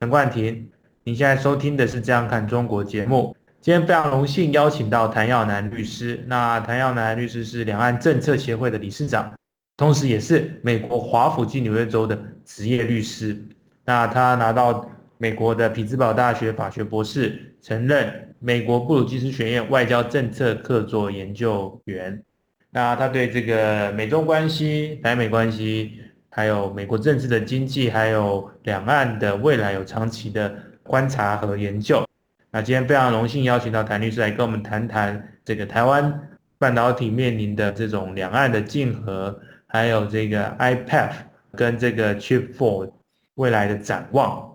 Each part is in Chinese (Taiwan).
陳冠廷，你現在收聽的是《這樣看中國》節目。今天非常榮幸邀請到譚耀南律師。那譚耀南律師是兩岸政策協會的理事長，同時也是美國華府及紐約州的職業律師。那他拿到美國的匹茲堡大學法學博士，曾任美國布魯金斯學院外交政策客座研究員。那他對這個美中關係、台美關係，還有美國政治的經濟，還有兩岸的未來有長期的觀察和研究。那今天非常榮幸邀請到譚律師來跟我們談談這個台灣半導體面臨的這種兩岸的競合，還有這個 IPEF 跟這個 Chip 4未來的展望。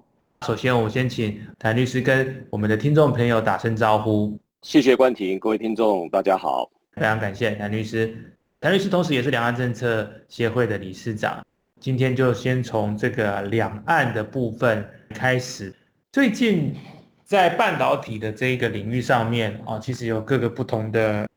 首先，我們先請譚律師跟我們的聽眾朋友打聲招呼。謝謝冠廷，各位聽眾大家好，非常感謝譚律師。譚律師同時也是兩岸政策協會的理事長。今天就先從這個兩岸的部分開始。最近在半導體的這個領域上面，哦，其實有各個不同的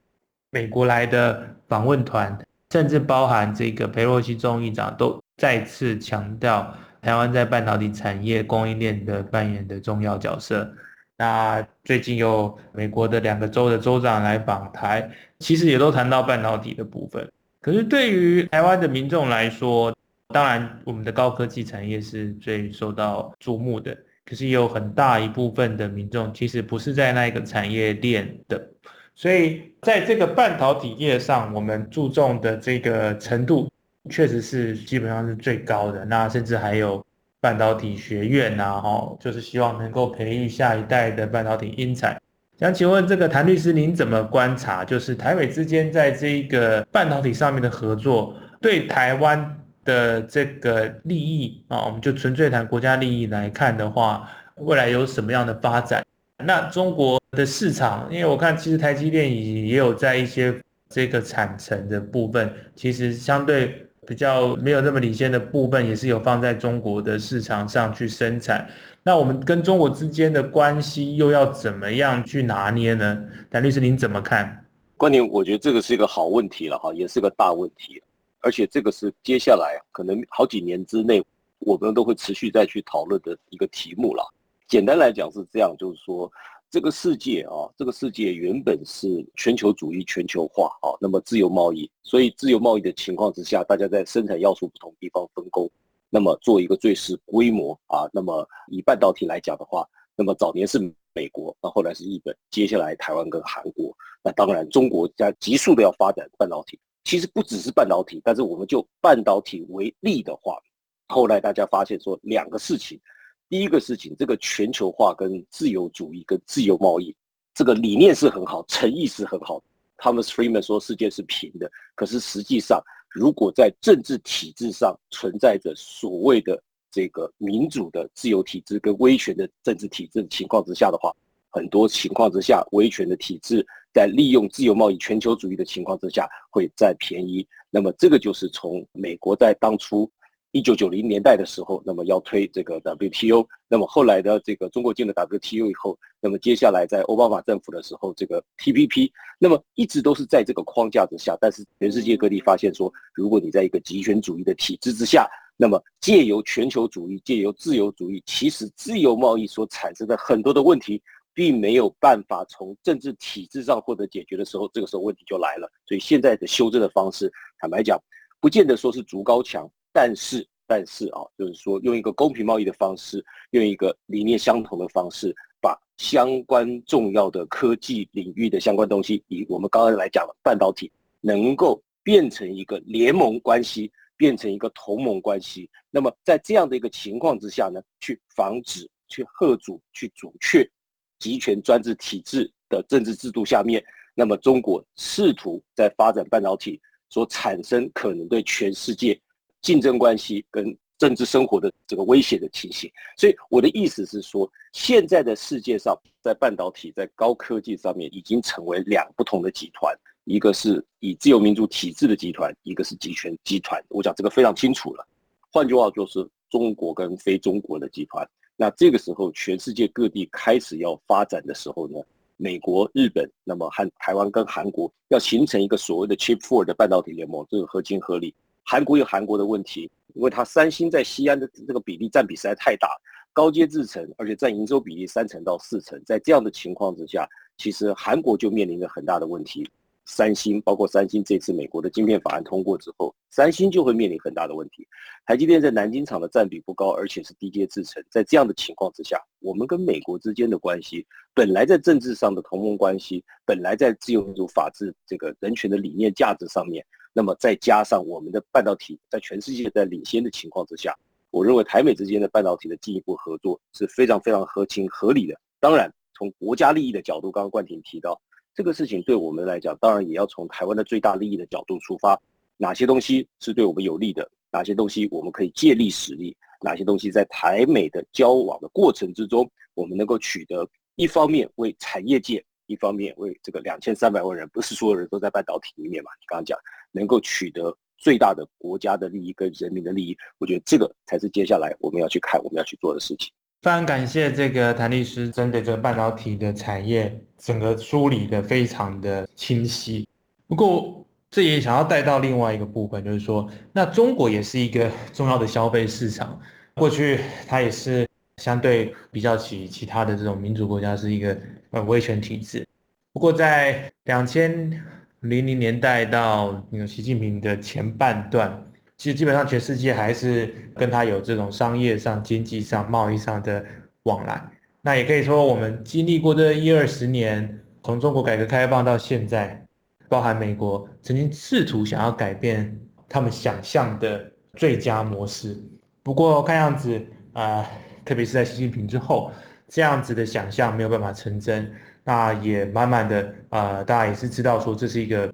美國來的訪問團，甚至包含這個裴洛西眾議長都再次強調台灣在半導體產業供應鏈的扮演的重要角色。那最近有美國的兩個州的州長來訪台，其實也都談到半導體的部分。可是對於台灣的民眾來說，當然，我們的高科技產業是最受到注目的，可是也有很大一部分的民眾其實不是在那一個產業鏈的，所以在這個半導體業上，我們注重的這個程度確實是基本上是最高的。那甚至還有半導體學院吶，哈，就是希望能夠培育下一代的半導體英才。想請問這個譚律師，您怎麼觀察？就是台美之間在這個半導體上面的合作，對台灣？的這個利益啊，我們就純粹談國家利益來看的話，未來有什麼樣的發展？那中國的市場，因為我看其實台積電也也有在一些這個產程的部分，其實相對比較沒有那麼領先的部分，也是有放在中國的市場上去生產。那我們跟中國之間的關係又要怎麼樣去拿捏呢？譚律師，您怎麼看？關鍵，我覺得這個是一個好問題了哈，也是一個大問題。而且這個是接下來可能好幾年之內，我們都會持續再去討論的一個題目了。簡單來講是這樣，就是說這個世界啊，這個世界原本是全球主義、全球化啊，那麼自由貿易。所以自由貿易的情況之下，大家在生產要素不同地方分工，那麼做一個最適規模啊。那麼以半導體來講的話，那麼早年是美國，啊，那後來是日本，接下來台灣跟韓國。那當然中國在急速的要發展半導體。其實不只是半導體，但是我們就半導體為例的話，後來大家發現說兩個事情，第一個事情，這個全球化跟自由主義跟自由貿易，這個理念是很好，誠意是很好的。湯瑪斯·佛里曼說世界是平的，可是實際上，如果在政治體制上存在着所謂的這個民主的自由體制跟威權的政治體制情況之下的話，很多情況之下，威權的體制在利用自由貿易、全球主義的情況之下，會占便宜。那麼這個就是從美國在當初一九九零年代的時候，那麼要推這個 WTO，那麼後來的這個中國進了 WTO 以後，那麼接下來在奧巴馬政府的時候，這個 TPP，那麼一直都是在這個框架之下。但是全世界各地發現說，如果你在一個極權主義的體制之下，那麼借由全球主義、借由自由主義，其實自由貿易所產生的很多的問題。並沒有辦法從政治體制上獲得解決的時候，這個時候問題就來了。所以現在的修正的方式，坦白講，不見得說是築高牆，但是但是啊，就是說用一個公平貿易的方式，用一個理念相同的方式，把相關重要的科技領域的相關東西，以我們剛剛來講的半導體，能夠變成一個聯盟關係，變成一個同盟關係。那麼在這樣的一個情況之下呢，去防止，去遏阻，去阻卻，集權專制體制的政治制度下面，那麼中國試圖在發展半導體，所產生可能對全世界競爭關係跟政治生活的這個威脅的情形。所以我的意思是說，現在的世界上，在半導體在高科技上面已經成為兩不同的集團，一個是以自由民主體制的集團，一個是集權集團。我講這個非常清楚了。換句話就是，中國跟非中國的集團。那這個時候，全世界各地開始要發展的時候呢，美國、日本，那麼和台灣跟韓國要形成一個所謂的 Chip Four 的半導體聯盟，這個合情合理。韓國有韓國的問題，因為它三星在西安的這個比例佔比實在太大，高階製程，而且佔營收比例三成到四成，在這樣的情況之下，其實韓國就面臨着很大的問題。三星，包括三星，這次美國的晶片法案通過之後，三星就會面臨很大的問題。台積電在南京廠的佔比不高，而且是低階製程。在這樣的情況之下，我們跟美國之間的關係，本來在政治上的同盟關係，本來在自由民主、法治這個人權的理念價值上面，那麼再加上我們的半導體在全世界在領先的情況之下，我認為台美之間的半導體的進一步合作是非常非常合情合理的。當然，從國家利益的角度，剛剛冠廷提到。這個事情對我們來講，當然也要從台灣的最大利益的角度出發，哪些東西是對我們有利的，哪些東西我們可以借力使力，哪些東西在台美的交往的過程之中，我們能夠取得一方面為產業界，一方面為這個兩千三百萬人，不是所有人都在半導體裡面嘛，你剛剛講，能夠取得最大的國家的利益跟人民的利益，我覺得這個才是接下來我們要去看我們要去做的事情。非常感謝這個譚律師針對這個半導體的產業整個梳理得非常的清晰。不過這也想要帶到另外一個部分，就是說，那中國也是一個重要的消費市場，過去它也是相對比較起其他的這種民主國家是一個呃威權體制。不過在兩千零零年代到那個習近平的前半段。其實基本上，全世界還是跟他有這種商業上、經濟上、貿易上的往來。那也可以說，我們經歷過這一二十年，從中國改革開放到現在，包含美國曾經試圖想要改變他們想象的最佳模式。不過看樣子，呃，特別是在習近平之後，這樣子的想象沒有辦法成真。那也慢慢的，呃，大家也是知道說這是一個。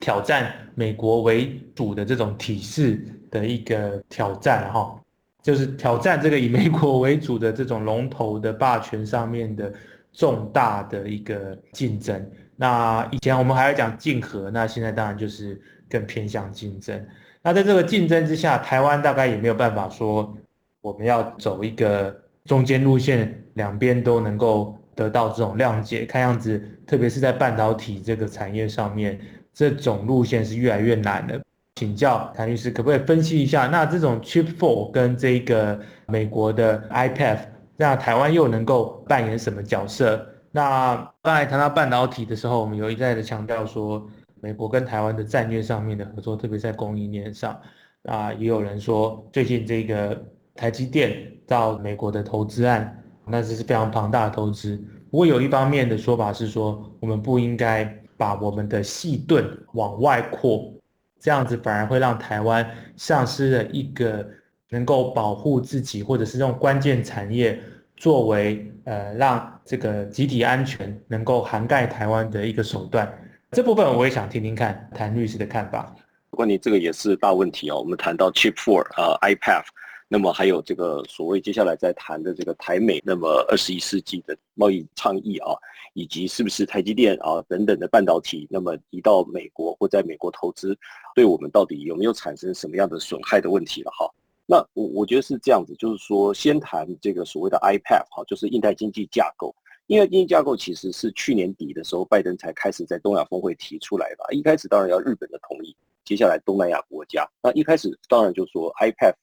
挑戰美國為主的這種體制的一個挑戰，哈，就是挑戰這個以美國為主的這種龍頭的霸權上面的重大的一個競爭。那以前我們還要講競合，那現在當然就是更偏向競爭。那在這個競爭之下，台灣大概也沒有辦法說我們要走一個中間路線，兩邊都能夠得到這種諒解。看樣子，特別是在半導體這個產業上面。這種路線是越來越難的。請教譚律師，可不可以分析一下？那這種 Chip 4跟這個美國的 IPEF，那台灣又能夠扮演什麼角色？那剛才談到半導體的時候，我們有一再的強調說，美國跟台灣的戰略上面的合作，特別在供應鏈上。那也有人說，最近這個台積電到美國的投資案，那這是非常龐大的投資。不過有一方面的說法是說，我們不應該。把我們的矽盾往外擴，這樣子反而會讓台灣喪失了一個能夠保護自己，或者是用關鍵產業作為呃讓這個集體安全能夠涵蓋台灣的一個手段。這部分我也想聽聽看譚律師的看法。不過你這個也是大問題哦。我們談到 Chip Four，uh, 呃，IPEF。那麼還有這個所謂接下來在談的這個台美那麼二十一世紀的貿易倡議啊，以及是不是台積電啊等等的半導體，那麼移到美國或在美國投資，對我們到底有沒有產生什麼樣的損害的問題了哈？那我我覺得是這樣子，就是說先談這個所謂的 IPEF 哈，就是印太經濟架構。印太經濟架構其實是去年底的時候拜登才開始在東亞峰會提出來的，一開始當然要日本的同意，接下來東南亞國家，那一開始當然就說 IPEF，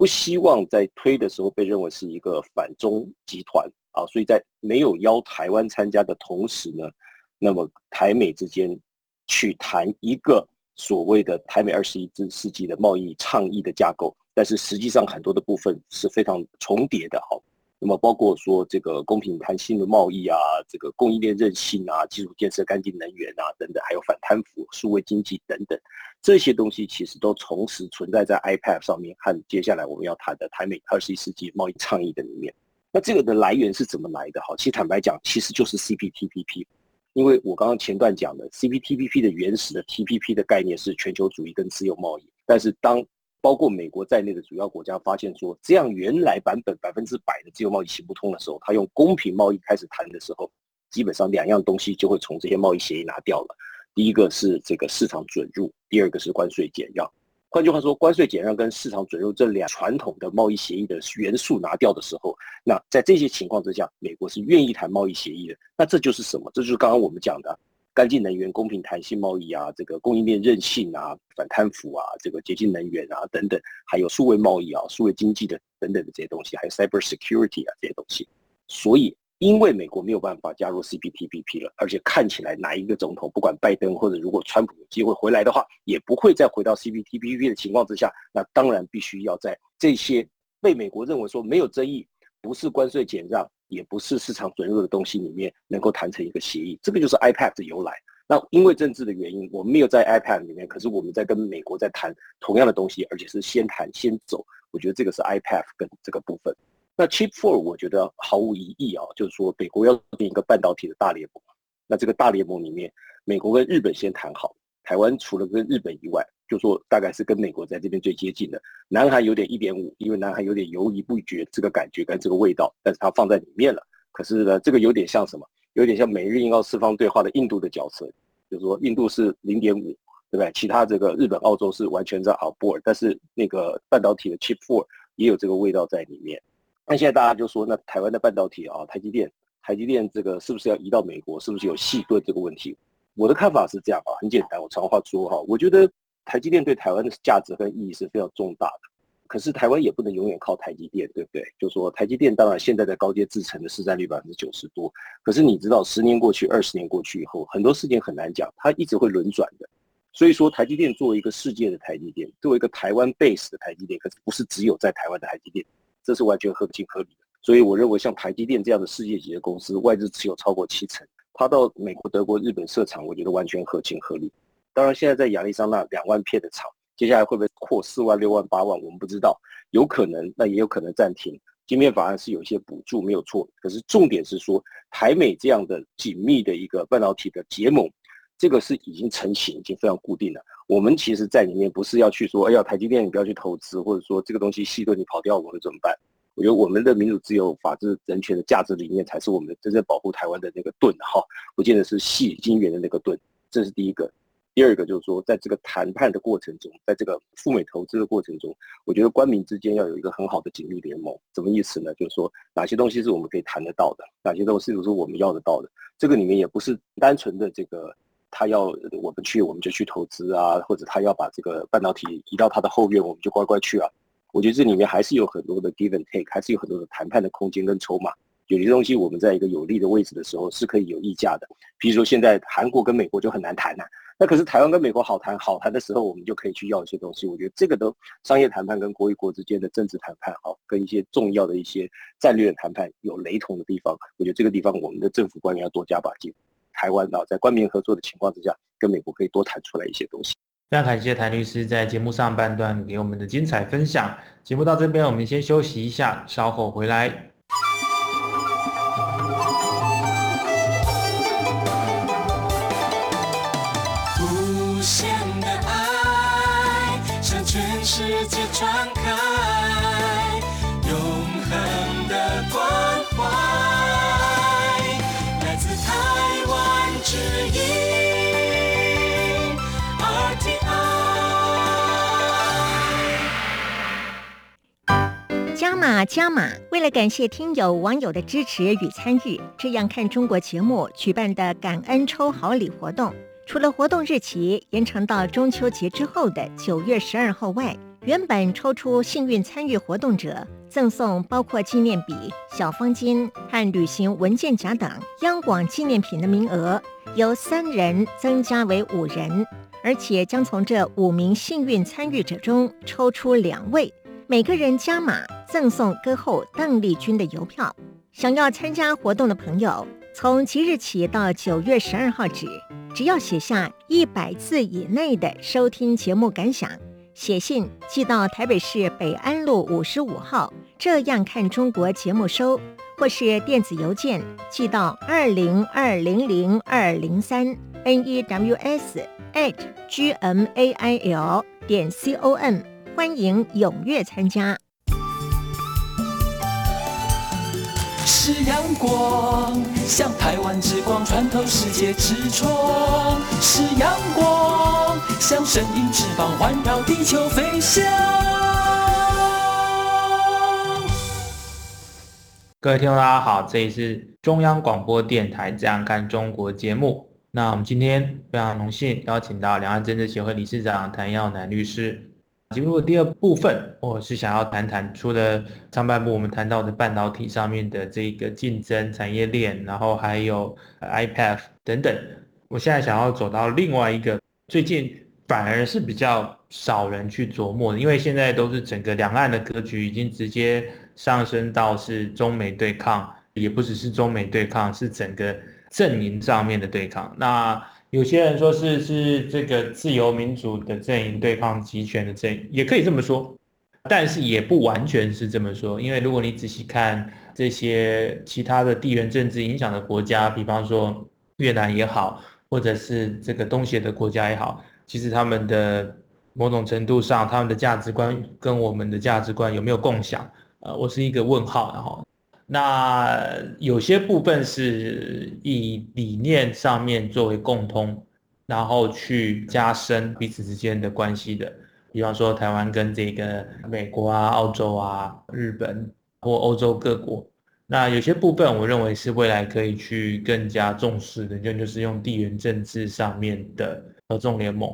不希望在推的時候被認為是一個反中集團啊，所以在沒有邀台灣參加的同時呢，那麼台美之間去談一個所謂的台美二十一世紀的貿易倡議的架構，但是實際上很多的部分是非常重疊的，好。那麼包括說這個公平、談信的貿易啊，這個供應鏈韌性啊，基礎建設、乾淨能源啊，等等，還有反貪腐、數位經濟等等，這些東西其實都同時存在在 IPEF 上面，和接下來我們要談的台美二十一世紀貿易倡議的裡面。那這個的來源是怎麼來的？哈，其實坦白講，其實就是 CPTPP，因為我剛剛前段講的 CPTPP 的原始的 TPP 的概念是全球主義跟自由貿易，但是當包括美國在內的主要國家發現說，這樣原來版本百分之百的自由貿易行不通的時候，他用公平貿易開始談的時候，基本上兩樣東西就會從這些貿易協議拿掉了。第一個是這個市場準入，第二個是關稅減讓。換句話說，關稅減讓跟市場準入這兩傳統的貿易協議的元素拿掉的時候，那在這些情況之下，美國是願意談貿易協議的。那這就是什麼？這就是剛剛我們講的。乾淨能源、公平彈性貿易啊，這個供應鏈韌性啊，反貪腐啊，這個潔淨能源啊等等，還有數位貿易啊、數位經濟的等等的這些東西，還有 cyber security 啊這些東西。所以，因為美國沒有辦法加入 CPTPP 了，而且看起來哪一個總統，不管拜登或者如果川普有機會回來的話，也不會再回到 CPTPP 的情況之下，那當然必須要在這些被美國認為說沒有爭議、不是關稅減讓。也不是市場准入的東西裡面能夠談成一個協議，這個就是 IPEF 的由來。那因為政治的原因，我們沒有在 IPEF 裡面，可是我們在跟美國在談同樣的東西，而且是先談先走。我覺得這個是 IPEF 跟這個部分。那 Chip 4我覺得毫無疑義啊、哦，就是說美國要建一個半導體的大聯盟。那這個大聯盟裡面，美國跟日本先談好。台灣除了跟日本以外，就說大概是跟美國在這邊最接近的。南韓有點一點五，因為南韓有點猶豫不決這個感覺跟這個味道，但是它放在裡面了。可是呢，這個有點像什麼？有點像美日印、澳四方對話的印度的角色，就是說印度是零點五，對不對？其他這個日本、澳洲是完全在 outboard，但是那個半導體的 chip four 也有這個味道在裡面。那現在大家就說，那台灣的半導體啊，台積電，台積電這個是不是要移到美國？是不是有矽盾這個問題？我的看法是這樣啊，很簡單，我長話說哈，我覺得台積電對台灣的價值和意義是非常重大的。可是台灣也不能永遠靠台積電，對不對？就說台積電，當然現在在高階製程的市占率百分之九十多，可是你知道，十年過去，二十年過去以後，很多事情很難講，它一直會輪轉的。所以說，台積電作為一個世界的台積電，作為一個台灣 base 的台積電，可是不是只有在台灣的台積電，這是完全合情合理的。所以我認為，像台積電這樣的世界級的公司，外資持有超過七成。他到美國、德國、日本設廠，我覺得完全合情合理。當然，現在在亞利桑那兩萬片的廠，接下來會不會擴四萬、六萬、八萬，我們不知道，有可能，那也有可能暫停。晶片法案是有些補助，沒有錯。可是重點是說，台美這樣的緊密的一個半導體的結盟，這個是已經成型，已經非常固定了。我們其實在裡面不是要去說，哎呀，台積電你不要去投資，或者說這個東西系都你跑掉，我們怎麼辦？我覺得我們的民主、自由、法治、人權的價值理念才是我們真正保護台灣的那個盾哈，不見得是矽晶圓的那個盾。這是第一個，第二個就是說，在這個談判的過程中，在這個赴美投資的過程中，我覺得官民之間要有一個很好的緊密聯盟。什麼意思呢？就是說，哪些東西是我們可以談得到的，哪些東西是我們要得到的。這個裡面也不是單純的這個他要我們去，我們就去投資啊，或者他要把這個半導體移到他的後院，我們就乖乖去啊。我覺得這裡面還是有很多的 give and take，還是有很多的談判的空間跟籌碼。有些東西我們在一個有利的位置的時候是可以有溢價的。比如說現在韓國跟美國就很難談吶、啊，那可是台灣跟美國好談，好談的時候我們就可以去要一些東西。我覺得這個都商業談判跟國與國之間的政治談判啊，跟一些重要的一些戰略談判有雷同的地方，我覺得這個地方我們的政府官員要多加把勁。台灣呢，在官民合作的情況之下，跟美國可以多談出來一些東西。非常感謝譚律師在節目上半段給我們的精彩分享。節目到這邊，我們先休息一下，稍後回來。加碼加碼，為了感謝聽友網友的支持與參與，這樣看中國節目舉辦的感恩抽好禮活動，除了活動日期延長到中秋節之後的九月十二號外，原本抽出幸運參與活動者贈送包括紀念筆、小方巾和旅行文件夾等央廣紀念品的名額由三人增加為五人，而且將從這五名幸運參與者中抽出兩位。每個人加碼贈送歌后鄧麗君的郵票。想要參加活動的朋友，從即日起到九月十二號止，只要寫下一百字以內的收聽節目感想，寫信寄到台北市北安路五十五號，這樣看中國節目收，或是電子郵件寄到二零二零零二零三 n e w s at g m a i l 點 c o m。歡迎踴躍參加。是陽光，像台灣之光穿透世界之窗；是陽光，像神鷹翅膀環繞地球飛翔。各位聽眾，大家好，這裡是中央廣播電台《這樣看中國》節目。那我們今天非常榮幸邀請到兩岸政策協會理事長譚耀南律師。進入第二部分，我是想要談談，除了上半部我們談到的半導體上面的這個競爭產業鏈，然後還有 IPEF 等等，我現在想要走到另外一個，最近反而是比較少人去琢磨的。因為現在都是整個兩岸的格局已經直接上升到是中美對抗，也不只是中美對抗，是整個陣營上面的對抗。那有些人說是是這個自由民主的陣營對抗極權的陣營，也可以這麼說，但是也不完全是這麼說，因為如果你仔細看這些其他的地緣政治影響的國家，比方說越南也好，或者是這個東協的國家也好，其實他們的某種程度上，他們的價值觀跟我們的價值觀有沒有共享？呃，我是一個問號，啊，然後。那有些部分是以理念上面作為共通，然後去加深彼此之間的關係的。比方說，台灣跟這個美國啊、澳洲啊、日本或歐洲各國，那有些部分我認為是未來可以去更加重視的，就就是用地緣政治上面的合縱聯盟。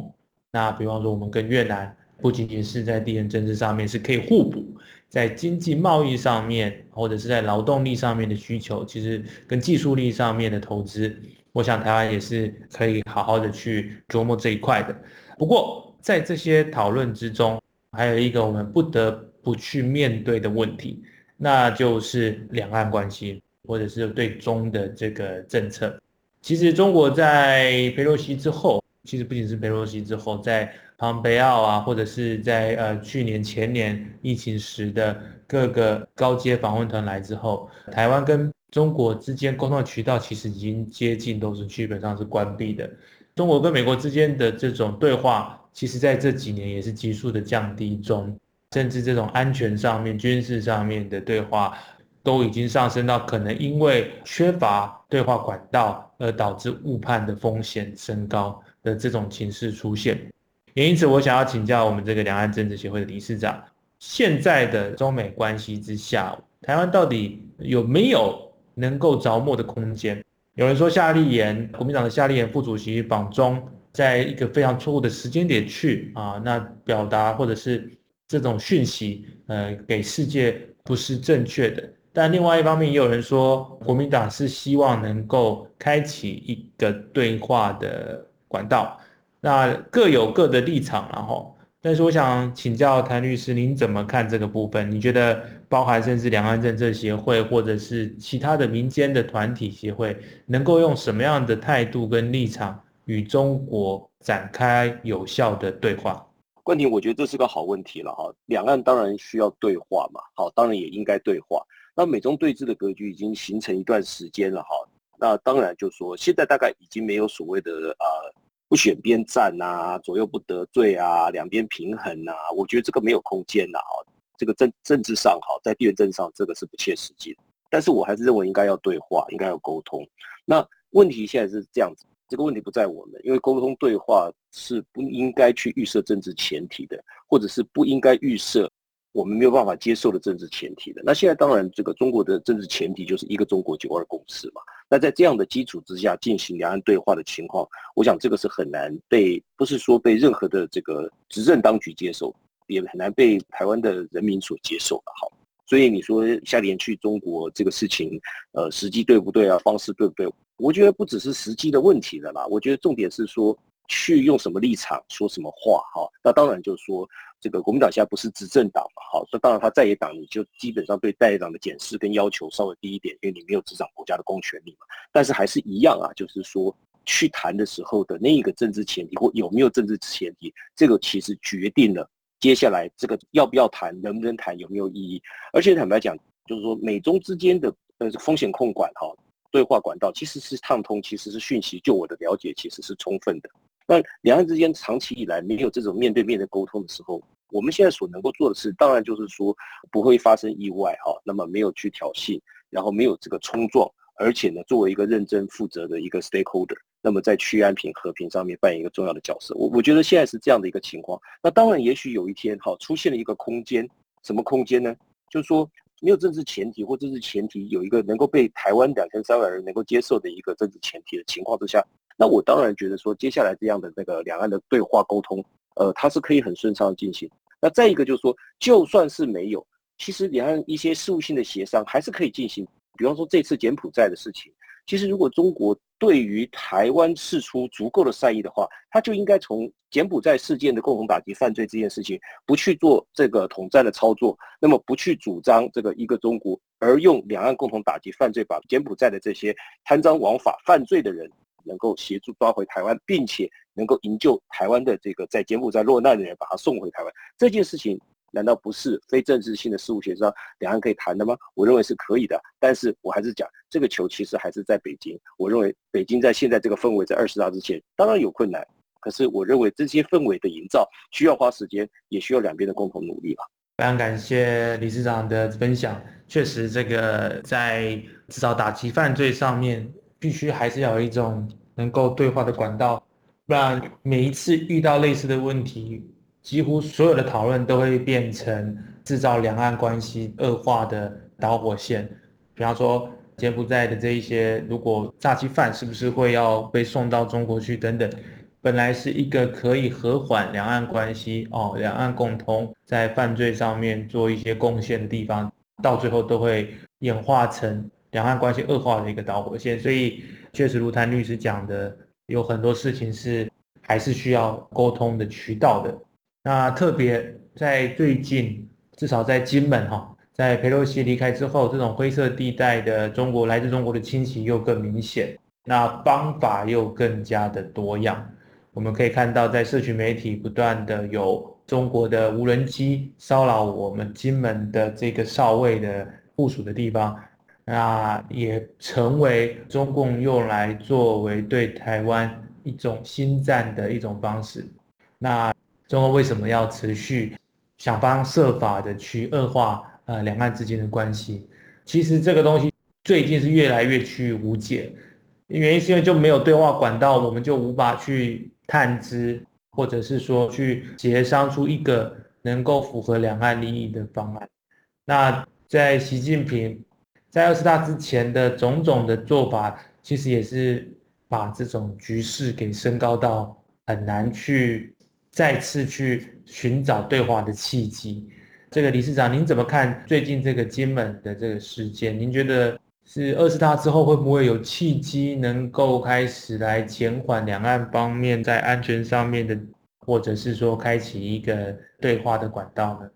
那比方說，我們跟越南不僅僅是在地緣政治上面是可以互補。在經濟貿易上面，或者是在勞動力上面的需求，其實跟技術力上面的投資，我想台灣也是可以好好的去琢磨這一塊的。不過，在這些討論之中，還有一個我們不得不去面對的問題，那就是兩岸關係，或者是對中的這個政策。其實，中國在佩洛西之後，其實不僅是佩洛西之後，在。龐貝奧啊，或者是在呃去年前年疫情時的各個高階訪問團來之後，台灣跟中國之間溝通的渠道其實已經接近都是基本上是關閉的。中國跟美國之間的這種對話，其實在這幾年也是急速的降低中，甚至這種安全上面、軍事上面的對話，都已經上升到可能因為缺乏對話管道而導致誤判的風險升高的這種情勢出現。也因此，我想要請教我們這個兩岸政治協會的理事長，現在的中美關係之下，台灣到底有沒有能夠着墨的空間？有人說夏立言，國民黨的夏立言副主席訪中，在一個非常錯誤的時間點去啊，那表達或者是這種訊息，呃，給世界不是正確的。但另外一方面，也有人說國民黨是希望能夠開啟一個對話的管道。那各有各的立場，然後，但是我想請教譚律師，您怎麼看這個部分？你覺得包含甚至兩岸政策協會或者是其他的民間的團體協會，能夠用什麼樣的態度跟立場與中國展開有效的對話？冠廷，我覺得這是個好問題了哈。兩岸當然需要對話嘛，好，當然也應該對話。那美中對峙的格局已經形成一段時間了哈，那當然就說現在大概已經沒有所謂的啊。呃不選邊站啊，左右不得罪啊，兩邊平衡啊，我覺得這個沒有空間的啊，這個政政治上，哈，在地緣政治上，這個是不切實際的。但是我還是認為應該要對話，應該要溝通。那問題現在是這樣子，這個問題不在我們，因為溝通對話是不應該去預設政治前提的，或者是不應該預設。我們沒有辦法接受的政治前提的。那現在當然，這個中國的政治前提就是一個中國九二共識嘛。那在這樣的基礎之下進行兩岸對話的情況，我想這個是很難被，不是說被任何的這個執政當局接受，也很難被台灣的人民所接受的。好，所以你說夏立言去中國這個事情，呃，時機對不對啊？方式對不對？我覺得不只是時機的問題了啦，我覺得重點是說，去用什麼立場說什麼話哈、哦？那當然就是說，這個國民黨現在不是執政黨嘛，好、哦，那當然他在野黨，你就基本上對在野黨的檢視跟要求稍微低一點，因為你沒有執掌國家的公權力嘛。但是還是一樣啊，就是說去談的時候的那個政治前提或有沒有政治前提，這個其實決定了接下來這個要不要談、能不能談、有沒有意義。而且坦白講，就是說美中之間的呃風險控管哈、哦、對話管道其實是暢通，其實是訊息，就我的了解其實是充分的。那兩岸之間長期以來沒有這種面對面的溝通的時候，我們現在所能夠做的事，當然就是說不會發生意外哈、哦，那麼沒有去挑釁，然後沒有這個衝撞，而且呢，作為一個認真負責的一個 stakeholder，那麼在區安平和平上面扮演一個重要的角色。我我覺得現在是這樣的一個情況。那當然，也許有一天哈、哦，出現了一個空間，什麼空間呢？就是說沒有政治前提，或者是前提有一個能夠被台灣兩千三百萬人能夠接受的一個政治前提的情況之下。那我當然覺得說，接下來這樣的那個兩岸的對話溝通，呃，它是可以很順暢進行的。那再一個就是說，就算是沒有，其實兩岸一些事務性的協商還是可以進行。比方說這次柬埔寨的事情，其實如果中國對於台灣釋出足夠的善意的話，他就應該從柬埔寨事件的共同打擊犯罪這件事情，不去做這個統戰的操作，那麼不去主張這個一個中國，而用兩岸共同打擊犯罪，把柬埔寨的這些貪贓枉法犯罪的人。能夠協助抓回台灣，並且能夠營救台灣的這個在柬埔寨在落難的人，把他送回台灣，這件事情難道不是非政治性的事務協商，兩岸可以談的嗎？我認為是可以的。但是我還是講，這個球其實還是在北京。我認為北京在現在這個氛圍在二十大之前，當然有困難，可是我認為這些氛圍的營造需要花時間，也需要兩邊的共同努力吧。非常感謝理事長的分享。確實，這個在至少打擊犯罪上面。必須還是要有一種能夠對話的管道，不然每一次遇到類似的問題，幾乎所有的討論都會變成製造兩岸關係惡化的導火線。比方說柬埔寨的這一些，如果詐欺犯是不是會要被送到中國去等等，本來是一個可以和緩兩岸關係、哦，兩岸共同在犯罪上面做一些貢獻的地方，到最後都會演化成，兩岸關係惡化的一個導火線，所以確實如譚律師講的，有很多事情是還是需要溝通的渠道的。那特別在最近，至少在金門哈，在裴洛西離開之後，這種灰色地帶的中國，來自中國的侵襲又更明顯，那方法又更加的多樣。我們可以看到，在社群媒體不斷的有中國的無人機騷擾我們金門的這個哨位的部署的地方。那也成為中共用來作為對台灣一種心戰的一種方式。那中共為什麼要持續想方設法的去惡化呃兩岸之間的關係？其實這個東西最近是越來越趨於無解，原因是因為就沒有對話管道，我們就無法去探知，或者是說去協商出一個能夠符合兩岸利益的方案。那在習近平。在二十大之前的種種的做法，其實也是把這種局勢給升高到很難去再次去尋找對話的契機。這個理事長，您怎麼看最近這個金門的這個事件？您覺得是二十大之後會不會有契機能夠開始來減緩兩岸方面在安全上面的，或者是說開啟一個對話的管道呢？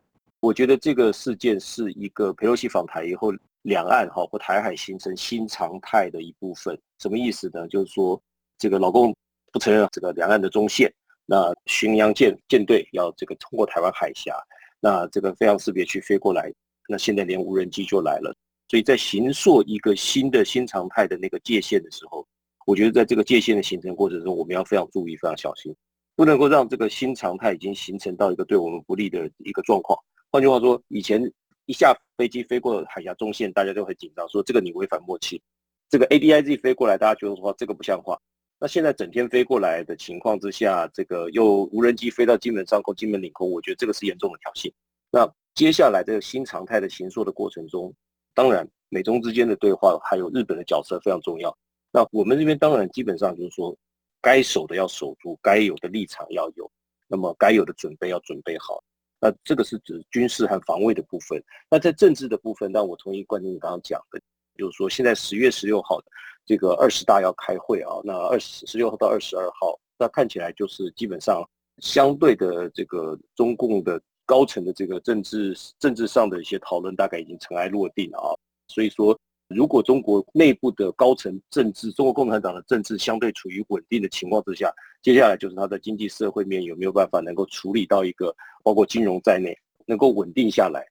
我覺得這個事件是一個裴洛西訪台以後，兩岸哈或台海形成新常態的一部分，什麼意思呢？就是說，這個老共不承認這個兩岸的中線，那巡洋艦艦隊要這個通過台灣海峽，那這個防空識別區飛過來，那現在連無人機就來了。所以在形塑一個新的新常態的那個界限的時候，我覺得在這個界限的形成過程中，我們要非常注意、非常小心，不能夠讓這個新常態已經形成到一個對我們不利的一個狀況。換句話說，以前。一下飛機飛過海峽中線，大家就很緊張，說這個你違反默契。這個 ADIZ 飛過來，大家覺得說這個不像話。那現在整天飛過來的情況之下，這個又無人機飛到金門上空、金門領空，我覺得這個是嚴重的挑釁。那接下來的新常態的形塑的過程中，當然美中之間的對話，還有日本的角色非常重要。那我們這邊當然基本上就是說，該守的要守住，該有的立場要有，那麼該有的準備要準備好。那這個是指軍事和防衛的部分。那在政治的部分，那我同意冠廷你剛剛講的，就是說現在十月十六號，這個二十大要開會啊。那二十十六號到二十二號，那看起來就是基本上相對的這個中共的高層的這個政治政治上的一些討論，大概已經塵埃落定了啊。所以說。如果中國內部的高層政治、中國共產黨的政治相對處於穩定的情況之下，接下來就是它的經濟社會面有沒有辦法能夠處理到一個包括金融在內能夠穩定下來。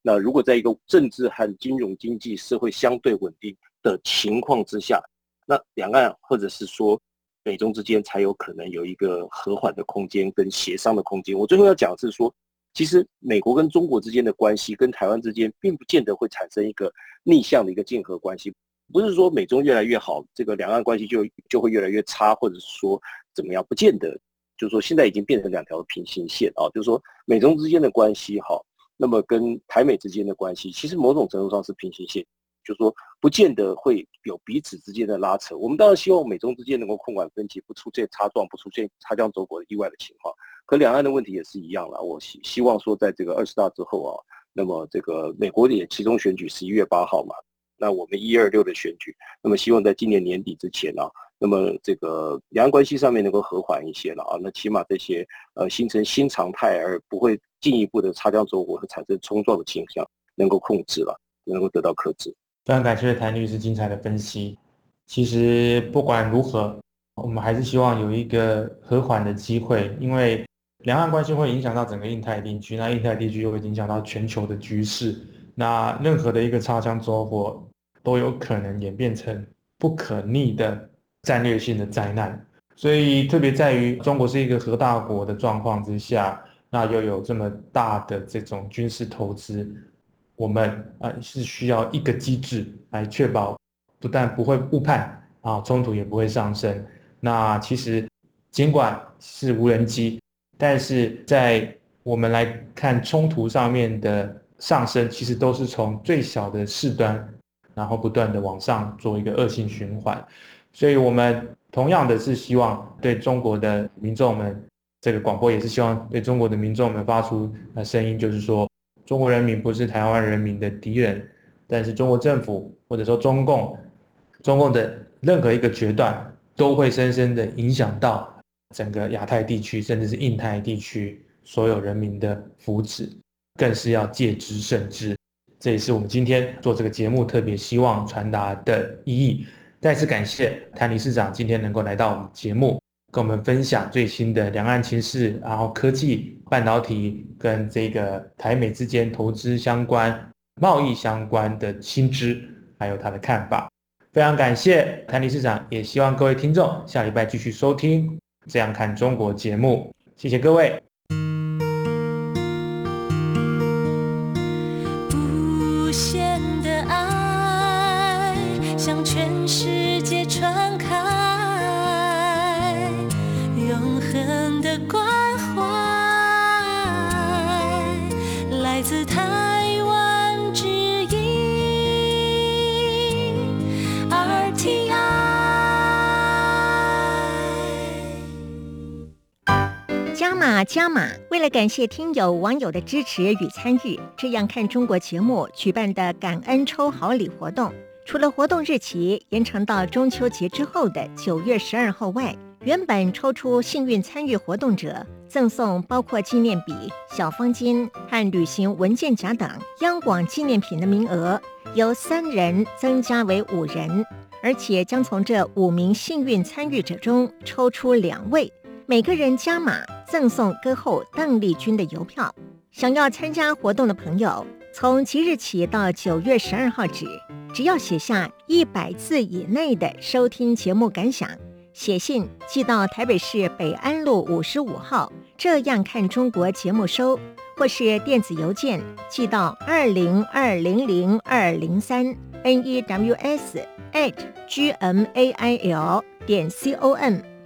那如果在一個政治和金融、經濟社會相對穩定的情況之下，那兩岸或者是說美中之間才有可能有一個和緩的空間跟協商的空間。我最後要講的是說。其實，美國跟中國之間的關係，跟台灣之間，並不見得會產生一個逆向的一個競合關係。不是說美中越來越好，這個兩岸關係就就會越來越差，或者是說怎麼樣，不見得。就是說，現在已經變成兩條平行線啊。就是說，美中之間的關係好啊，那麼跟台美之間的關係，其實某種程度上是平行線。就是說，不見得會有彼此之間的拉扯，我們當然希望美中之間能夠控管分歧，不出現擦撞，不出現擦槍走火的意外的情況。可兩岸的問題也是一樣了，我希希望說，在這個二十大之後啊，那麼這個美國的也期中選舉十一月八號嘛，那我們一二六的選舉，那麼希望在今年年底之前啊，那麼這個兩岸關係上面能夠和緩一些了啊，那起碼這些呃形成新常態而不會進一步的擦槍走火和產生衝撞的傾向，能夠控制了，能夠得到克制。非常感謝譚律師精彩的分析。其實不管如何，我們還是希望有一個和緩的機會，因為兩岸關係會影響到整個印太地區，那印太地區又會影響到全球的局勢。那任何的一個擦槍走火都有可能演變成不可逆的戰略性的災難。所以特別在於中國是一個核大國的狀況之下，那又有這麼大的這種軍事投資。我們啊是需要一個機制來確保，不但不會誤判啊，衝突也不會上升。那其實儘管是無人機，但是在我們來看衝突上面的上升，其實都是從最小的事端，然後不斷地往上做一個惡性循環。所以我們同樣的是希望對中國的民眾們，這個廣播也是希望對中國的民眾們發出聲音，就是說。中國人民不是台灣人民的敵人，但是中國政府或者說中共，中共的任何一個決斷都會深深的影響到整個亞太地區，甚至是印太地區所有人民的福祉，更是要戒之慎之。這也是我們今天做這個節目特別希望傳達的意義。再次感謝譚理事長今天能夠來到我們節目。跟我們分享最新的兩岸情勢，然後科技、半導體跟這個台美之間投資相關、貿易相關的新知，還有他的看法。非常感謝譚理事長，也希望各位聽眾下禮拜繼續收聽《這樣看中國》節目。謝謝各位。加碼！為了感謝聽友網友的支持與參與，《這樣看中國》節目舉辦的感恩抽好禮活動，除了活動日期延長到中秋節之後的九月十二號外，原本抽出幸運參與活動者贈送包括紀念筆、小方巾和旅行文件夾等央廣紀念品的名額，由三人增加為五人，而且將從這五名幸運參與者中抽出兩位。每個人加碼贈送歌后鄧麗君的郵票。想要參加活動的朋友，從即日起到九月十二號止，只要寫下一百字以內的收聽節目感想，寫信寄到台北市北安路五十五號，這樣看中國節目收，或是電子郵件寄到二零二零零二零三 n e w s at g m a i l 點 c o m。E w s, g m a I